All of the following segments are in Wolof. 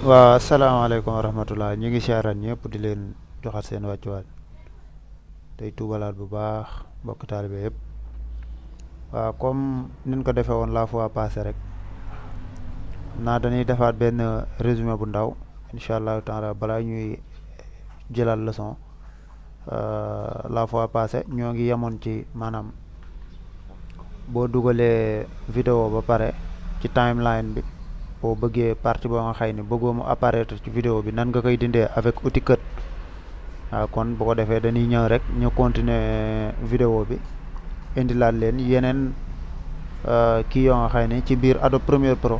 waaw asalaamaaleykum wa rahmatullah ñu ngi siyaaraan ñëpp di leen joxaat seen wàccuwaat tey tuubalaat bu baax mbokk taalibe yëpp waaw comme niñ ko defee woon la fois passé rek naa dañuy defaat benn résumé bu ndaw incha allahu taala balaa ñuy jëlaat leçon euh, la fois passé ñoo ngi yemoon ci maanaam boo dugalee vidéo ba pare ci timeline bi boo bëggee partie boo nga xëy ni bëggoo mu apparaître ci video bi nan nga koy dindee avec uti cut waaw kon bu ko defee dañuy ñëw rek ñu continuer video bi indilaat leen yeneen euh, kii yoo nga xëy ni ci biir Adobe première Pro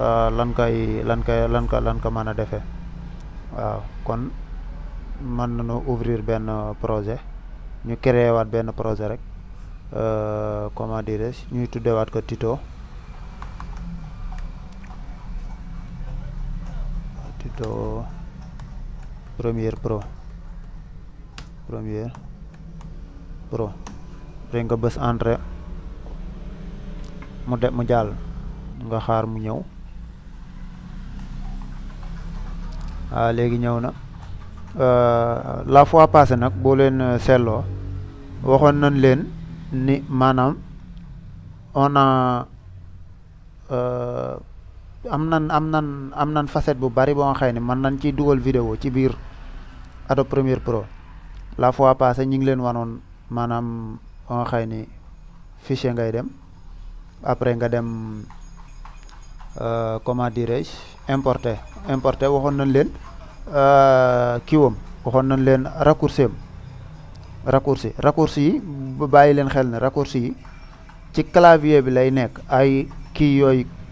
euh, lan kay lan koy lan ko lan ko mën a defee waaw kon mën nañu ouvrir benn projet ñu créer waat benn projet rek euh, comment dirais-je ñuy tuddewaat ko Tito Pro, Premiere Pro Premiere Pro Ring ke bës entrée mu de mu jàll nga ah léegi ñëw na eh, la fois passée boleh eh, boo leen seetloo waxoon nañ leen ni manam on a eh, am amnan amnan nan am facette bu bari bo nga xeyni man nan ci dugal vidéo ci bir Adobe Premiere Pro la fois passé ñing leen wanon manam bo nga xeyni ngay dem après nga dem euh comment dirais importer importer waxon nañ leen euh kiwom waxon nañ leen raccourci raccourci raccourci bu bayi leen xel ne raccourci ci clavier bi lay nek ay ki yoy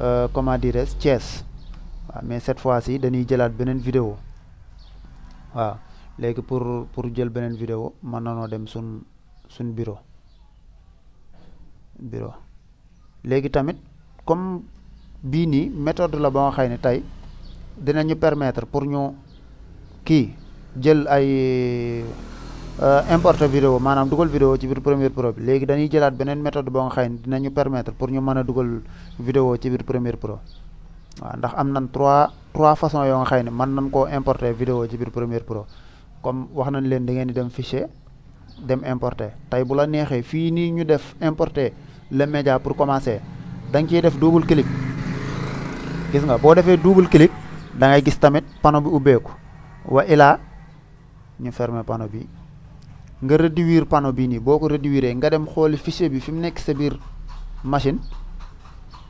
Euh, comment dire, chess. Thiès mais cette fois-ci dañuy jëlat benen vidéo waaw légui pour pour jël une vidéo man nanoo dem sun sun bureau bureau légui tamit comme bini ni méthode la ba nga xëy tay dinañu permettre pour ñu qui jël ay Euh, importe vidéo manam dugal vidéo ci bir Premiere Pro bi légui dañuy jëlat benen méthode bo nga xayn dinañu permettre pour ñu mëna a dugal vidéo ci bir Premiere Pro wa ndax am nañ 3 3 façons yo nga xayn man nañ ko importer vidéo ci bir Premiere Pro comme wax nañ leen da ngeen di dem fichier dem importer tay bu la nexé fi ni ñu def importer le média pour commencer dañ ci def double clic gis nga bo defee double clic da ngay gis tamit panneau bi ubbeeku wa ila ñu fermer panneau bi nga réduire panneau bi ni boko réduire nga dem xooli fichier bi fim nek sa bir machine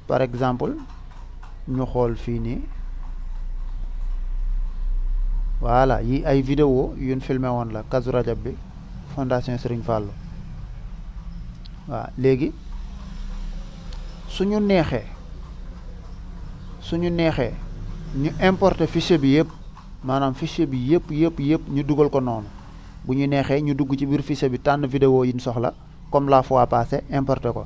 par exemple ñu xol fi ni voilà yi ay vidéo yun filmé won la Kazu Rajab bi fondation Serigne Fallou wa légui suñu nexé suñu nexé ñu importer fichier bi yépp manam fichier bi yépp yépp yépp ñu duggal ko noonu bu ñu neexee ñu dugg ci biir fichier bi tànn vidéo yi ñu soxla comme la fois passée importe ko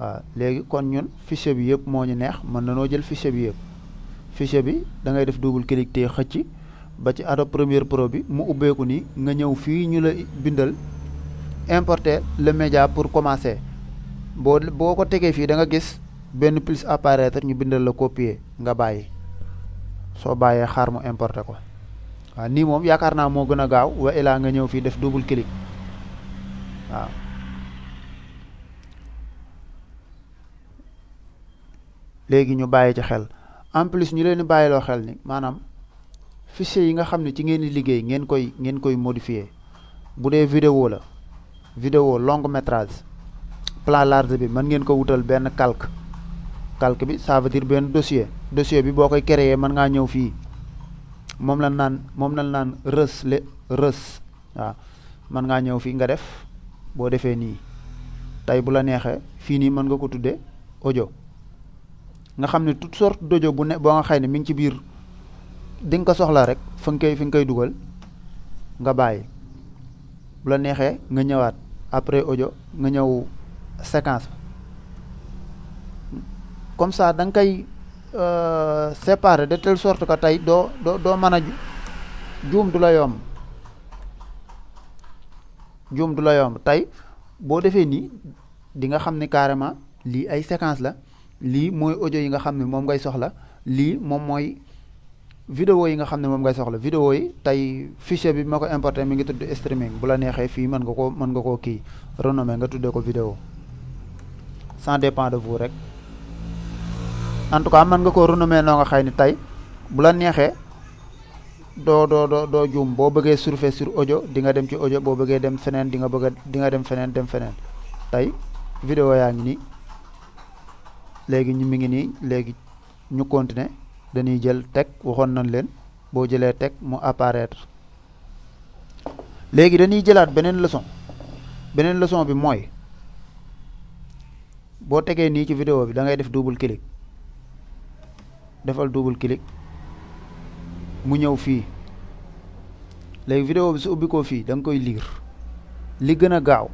waaw léegi kon ñun fichier bi yëpp moo ñu neex mën na noo jël fichier bi yëpp fichier bi da ngay def double clic te xëcc ba ci Adobe Premiere Pro bi mu ubbeeku ni nga ñëw fii ñu la bindal importer le média pour commencer bo boo ko tegee fii da nga gis benn plus apparaître ñu bindal la copier nga bàyyi soo bàyyee xaar mu importer ko waa nii moom yaakaar naa moo gën a gaaw wa ilaa nga ñëw fii def double clic waaw léegi ñu bàyyi ci xel en plus ñu leen di bàyyiloo xel ni maanaam fichier yi nga xam ne ci ngeen di liggéey ngeen koy ngeen koy modifier bu dee vidéo la vidéo long métrage plan large bi mën ngeen ko wutal benn calque calque bi ça benn dossier dossier bi boo koy créer mën ngaa ñëw fii mom nan, nan nan lan nan reus le reus wa man nga ñew fi nga def bo defé ni tay bu la nexé fi ni man nga ko tuddé audio nga xamné ne toute sorte d'audio bu ne nga mi ngi ci biir di soxla rek dugal nga bulan bu la nexé nga ñëwaat après audio nga ñew séquence comme ça dang kay euh, séparer de telle sorte que tay do do do mana a dula yom la dula yom tay la yomb ni di nga xam carrément li ay séquence la li moy audio yi nga xam ne ngay soxla li mom moy vidéo yi nga xam ne ngay soxla vidéo yi tay fichier bi mako importer mi ngi tudd streaming bu la neexee fii man nga ko man nga ko ki renommé nga tuddé ko vidéo sans dépend de vous rek en tout cas mën nga koo renommer noo nga xëy ni tey bu la neexee doo doo doo doo juum boo bëggee surfer sur ojo di nga dem ci ojo boo bëggee dem feneen di nga bëgg a dem feneen dem feneen tey vidéo yaa ngi nii léegi ñu mi ngi nii léegi ñu continuer dañuy jël teg waxoon na leen boo jëlee teg mu apparaître léegi dañuy jëlaat beneen leçon beneen leçon bi mooy boo tegee nii ci vidéo bi da ngay def double clic defal double kilik mu ñëw fii léegi vidéo bi su ubbi fii danga koy liir li gën a gaaw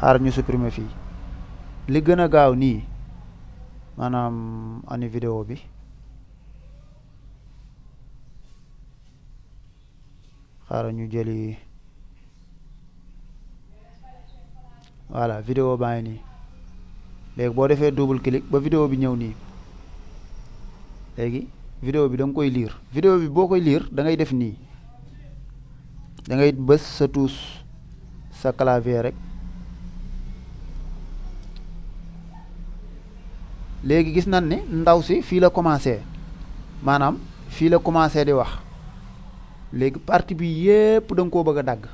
xaar ñu supprimer fii li gën a gaaw nii maanaam ani vidéo bi xaar ñu jëli voilà vidéo baa ngi nii léegi boo defee double clic ba video bi ñëw nii legi video bi dang koy lire vidéo bi bokoy lire da ngay def ni da ngay beus sa tous sa clavier rek legi gis nan ne ndaw si fi la commencer manam fi la commencer di wax legi parti bi yépp dang ko koo dag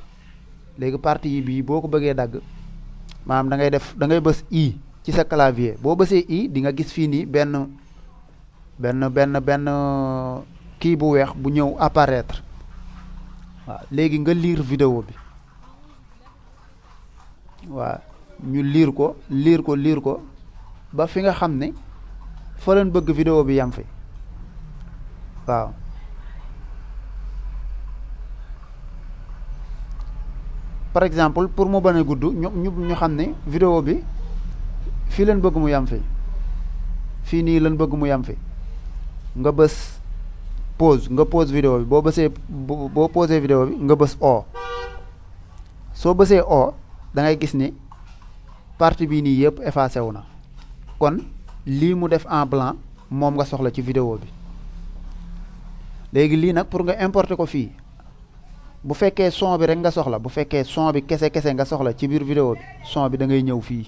legi parti bi boko dag manam da ngay def da ngay beus i ci sa clavier bo i di nga gis fi ni ben benn benn benn kii bu weex bu ñëw apparaître waaw léegi nga liir vidéo bi waaw ñu liir ko liir ko liir ko ba fi nga xam ni fa leen bëgg vidéo bi yam fi waaw par exemple pour mu bañ gudd ñu ñu ñu xam ne vidéo bi fii leen bëgg mu yam fi fii nii leen bëgg mu yam fi nga bës pause nga pause vidéo bi boo bësee boo posé vidéo bi nga bës o soo bësee o dangay gis ni parti bii nii yëpp effacé wu na kon lii mu def en blanc moom nga soxla ci vidéo bi léegi lii nag pour nga importer ko fii bu fekkee son bi rek nga soxla bu fekkee son bi kese kese nga soxla ci biir vidéo bi son bi da ngay ñëw fii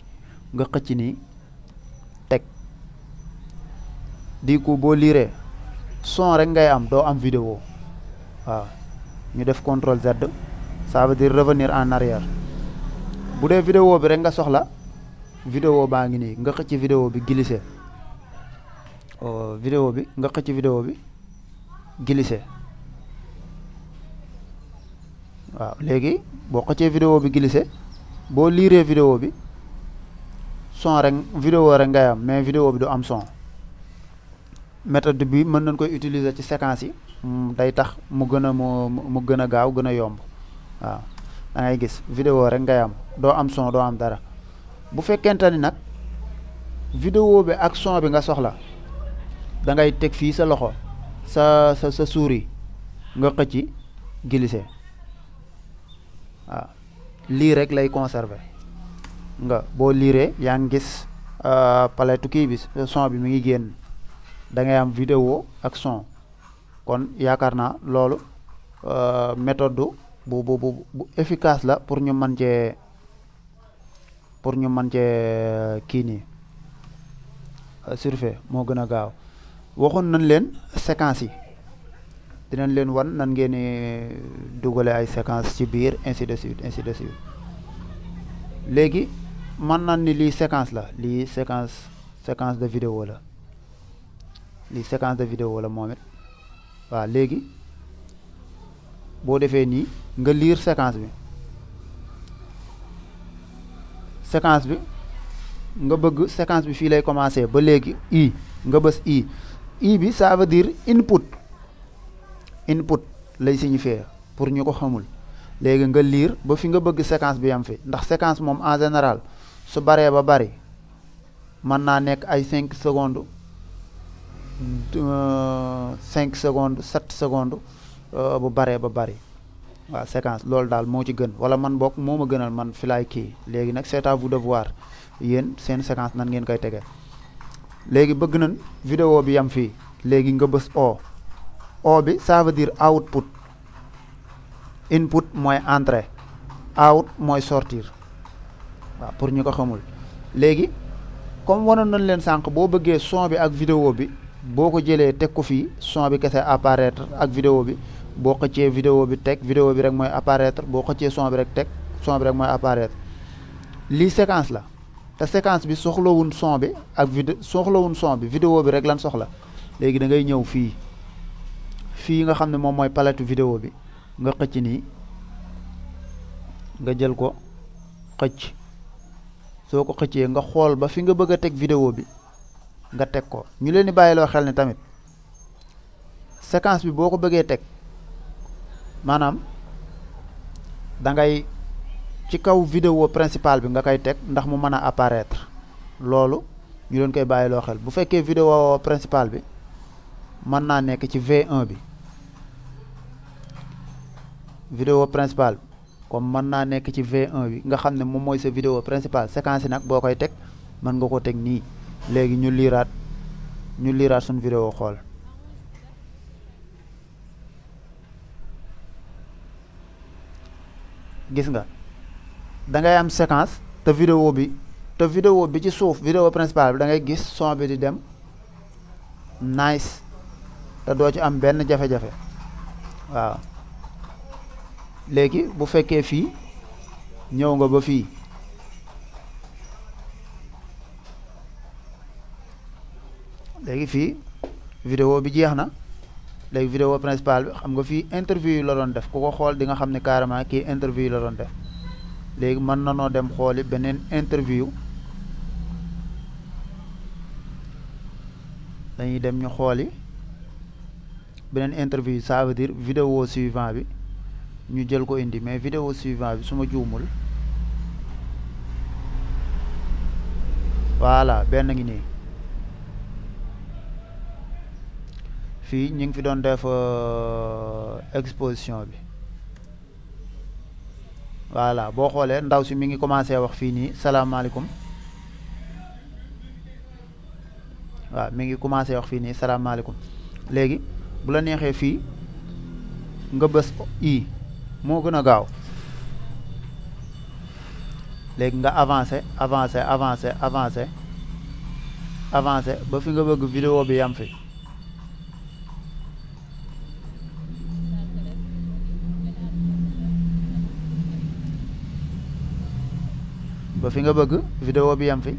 nga xëcc nii di ko bo découpolire son rek ngay am do am vidéo wa ñu def contrôle Z ça veut dire revenir en arrière bu dee vidéo bi rek nga soxla vidéo ba ngi ni nga xëcc vidéo bi glissé vidéo bi nga xëcc vidéo bi glissé waaw léegi boo xëccee vidéo bi glissé bo liiree vidéo bi son rek vidéo rek ngay am mais vidéo bi do am son méthode bi mën nañ koy utiliser ci séquence yi hmm, day tax mu gën a mu mu gën a gaaw gën a yomb waaw da gis vidéo rek ngay am doo am son doo am dara bu fekkente ni nag vidéo bi ak son bi nga soxla da ngay teg fii sa loxo sa sa sa souris nga xëcci glissé waaw lii rek lay conserver nga boo liiree yaa ngi gis euh, paletu kii bi son bi mu ngi génn da ngay am vidéo ak son kon yaakaar naa loolu euh, méthode bu bu bu bu efficace la pour ñu man cee pour ñu man cee kii nii euh, surfer moo gën a gaaw waxoon nañ leen séquence yi dinañ leen wan nan ngeen dugale ay séquence ci biir ainsi de suite ainsi de suite léegi man nan ni lii séquence la lii séquence séquence de vidéo la li séquence de vidéo la moom it waaw léegi boo defee nii nga liir séquence bi séquence bi nga bëgg séquence bi fii lay commencer ba léegi i nga bës i i bi ça veut dire input input lay signifier pour ñu ko xamul léegi nga liir ba fi nga bëgg séquence bi yam fi ndax séquence moom en général su baree ba bari mën naa nekk ay cinq secondes Euh, cinq secondes sept secondes euh, bu baree ba bari waa séquence loolu daal moo ci gën wala man bokk moom a gënal man fi kii léegi nag c'est à vous de yéen seen séquence nan ngeen koy tege léegi bëgg nañ vidéo bi yam fii léegi nga bës o o bi ça veut dire output input mooy entrée out mooy sortir waa pour ñu ko xamul léegi comme wanoon nañ leen sànq boo bëggee son bi ak vidéo bi boo ko jëlee teg ko fii son bi kese apparaître ak video bi boo xëccee vidéo bi teg vidéo bi rek mooy apparaître boo xëccee son bi rek teg son bi rek mooy apparaître lii séquence la te séquence bi soxlawun son bi ak vidéo soxlawun son bi vidéo bi rek lan soxla léegi da ngay ñëw fii fii nga xam ne moom mooy palette vidéo bi nga xëcc nii nga jël ko xëcc soo ko xëccee nga xool ba fi nga bëgg a teg vidéo bi nga teg ko ñu leen di bàyyiloo xel ni tamit séquence bi boo ko bëggee teg maanaam da ngay ci kaw vidéo principal bi nga koy teg ndax mu mën a apparaître loolu ñu leen koy bàyyiloo xel bu fekkee vidéo principale bi mën naa nekk ci V1 bi vidéo principale comme mën naa nekk ci V1 bi nga xam ne moom mooy sa vidéo principale séquence yi nag boo koy teg mën nga ko teg nii léegi ñu liiraat ñu liiraat suñu vidéo xool gis nga dangay am séquence te vidéo bi te vidéo bi ci suuf vidéo principale bi dangay gis son bi di dem nice te doo ci am benn jafe-jafe waaw léegi bu fekkee fii ñëw nga ba fii léegi fii vidéo bi jeex na léegi vidéo principal bi xam nga fii interview yi la doon def ku ko xool di nga xam ne carrément kii interview yi la doon def léegi mën na noo dem xooli beneen interview dañuy dem ñu xooli beneen interview ça veut dire vidéo suivant bi ñu jël ko indi mais vidéo suivant bi su ma juumul voilà benn ngi nii fii euh, exposition voilà bon xolé ndaw si mi ngi commencé wax fii salam alaykoum wa mi ngi commencé wax salam i mo avancé avancé avancé avancé avancé ba vidéo ba fi nga bëgg vidéo bi yam fi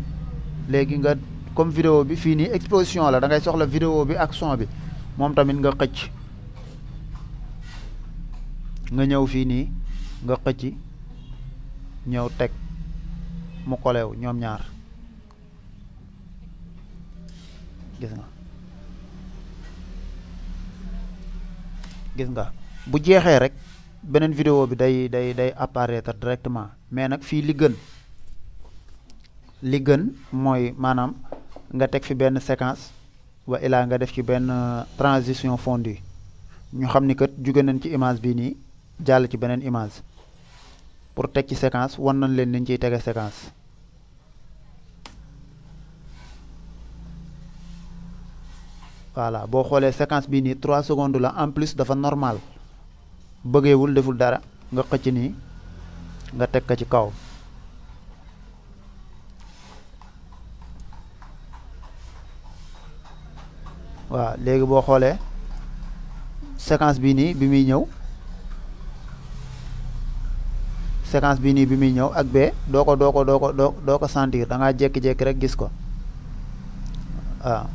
léegi nga comme vidéo bi fii nii exposition la dangay ngay soxla vidéo bi ak son bi moom tamit nga xëcc nga ñëw fii nii nga xëcci ñëw teg mu kolew ñoom ñaar gis nga gis nga bu jeexee rek beneen vidéo bi day day day apparaître directement mais nag fii li gën li gën mooy maanaam nga fi séquence wa nga euh, transition fondu. ñu xam ni kat nañ image bii nii image pour teg séquence wan nañ leen séquence voilà séquence trois secondes la en plus dafa normal waaw léegi boo xoolee séquence bi nii bi muy ñëw séquence bii nii bi muy ñëw ak bee doo ko doo ko doo ko doo ko sentir da ngaa jékki-jékki rek gis ko waaw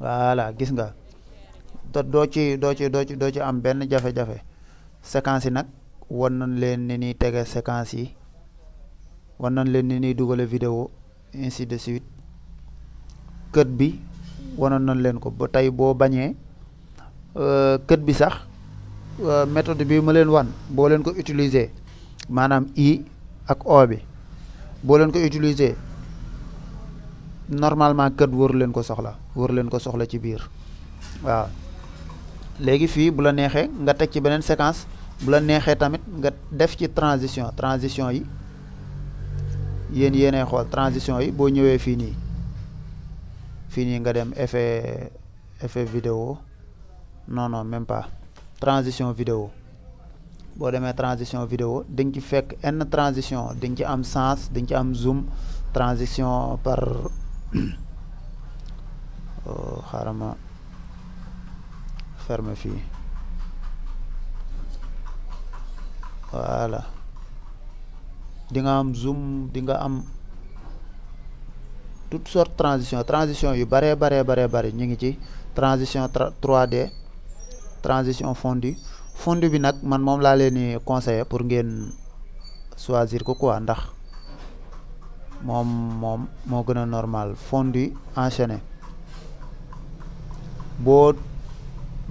voilà gis nga te doo ci doo ci doo ci doo ci am benn jafe-jafe séquence yi nag wan nañ leen ni ñuy tege séquence yi war len ni ñuy vidéo ainsi de suite kët bi wanoon nañ leen ko ba bo boo euh kët bi sax euh, méthode bi ma len wan bo len ko utiliser manam i ak o bi bo len ko utiliser normalement kët waru len ko soxla waru len ko soxla ci biir wa légui fi bu la neexee nga tek ci benen séquence bu la tamit nga def ci transition transition yi y yene xol transition yi Transition ñëwee fini nga effet effet vidéo non non même pas transition vidéo bo transition vidéo di ci transition di ci am sens zoom transition par Oh ferme fille. voilà di nga am zoom di nga am tout sorte transition transition yu baree baree baree bare ñu ngi ci transition trois d transition fondu fondu bi nag man moom laa leen di conseiller pour ngeen choisir ko quoi ndax moom moom moo gën a normal fondu enchaîné boo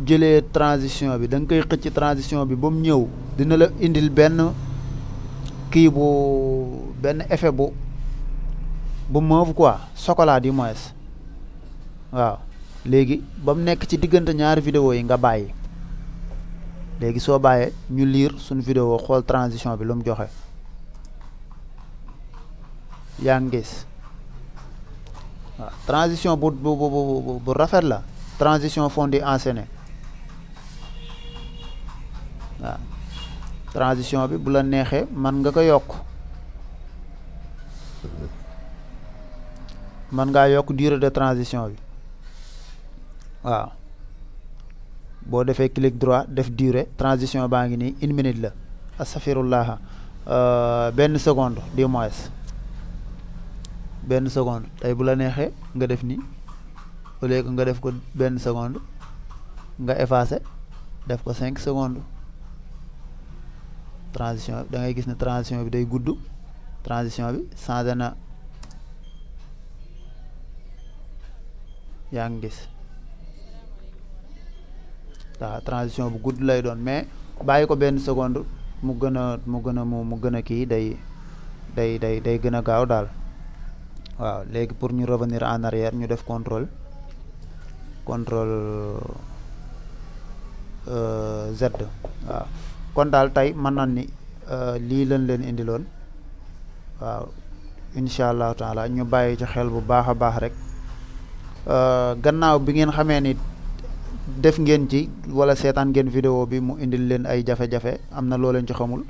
jëlee transition bi da nga koy xëcc transition bi ba mu ñëw dina la indil benn kii bu benn effet bu bu mauve quoi chocolat du moins waaw léegi ba mu nekk ci diggante ñaari vidéo yi nga bàyyi léegi soo bàyyee ñu lire suñu vidéo xool transition bi lu mu joxe yaa ngi gis waaw transition bu bu bu bu rafet la transition fondée enchaînée transition bi bu la neexee man nga ko yokk man ngaa yokk durée de transition bi waaw boo defee clic droit def dure transition baa ngi nii une minute la astafirullaha euh, benn seconde di moins benn seconde tey bu la neexee nga def nii au lieu nga def ko benn seconde nga effacé def ko cinq secondes transition da ngay gis ne transition bi day gudd transition bi changé na yaa ngi gis waaw transition bu gudd lay doon mais bàyyi ko benn seconde mu gën a mu gën a mu gën a kii day day day day gën a gaaw daal waaw léegi pour ñu revenir en arrière ñu def contrôle control euh, Z waaw kon daal tey mën nañ ni euh, lii lan leen indiloon waaw incha allahu taala ñu bàyyi ci xel bu baax a baax rek euh, gannaaw bi ngeen xamee ni def ngeen ci wala seetaan ngeen vidéo bi mu indil leen ay jafe-jafe am na loo leen ci xamul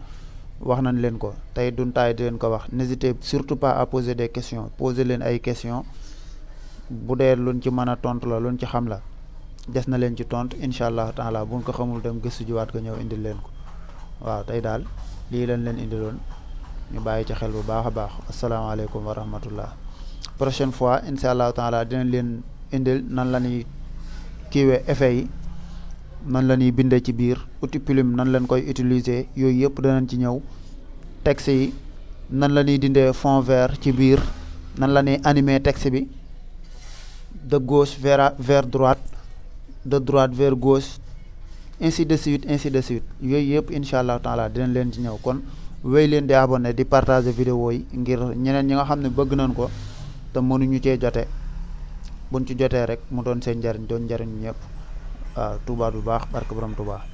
wax nañ leen ko tey duntaay di leen ko wax n'hésitez surtout pas à poser des question poser leen ay question bu dee luñ ci mën a tontu la luñ ci xam la des na leen ci tont incha allahu taala buñ ko xamul dem gëstu jiwaat ko ñëw indil leen ko. waaw tey daal lii lañ leen indiloon ñu bàyyi ci xel bu baax a baax asalaamaaleykum wa rahmatullah prochaine fois incha allahu taala dinañ leen indil nan la kiiwe kiiwee effet yi nan la ñuy bindee ci biir outil plume nan lañ koy utiliser yooyu yëpp danañ ci ñëw texte yi nan la ñuy dindee fond vert ci biir nan la anime animer texte bi de gauche vers vers droite de droite vers gauche ainsi de suite ainsi de suite yooyu yëpp incha allah taala dinañ leen ci ñëw kon wéy leen di abonné di partager vidéo yi ngir ñeneen ñi nga xam ne bëgg nañ ko te mënuñu cee jote buñ ci jotee rek mu doon seen njariñ doon njariñ ñëpp waaw Touba du baax barke borom Touba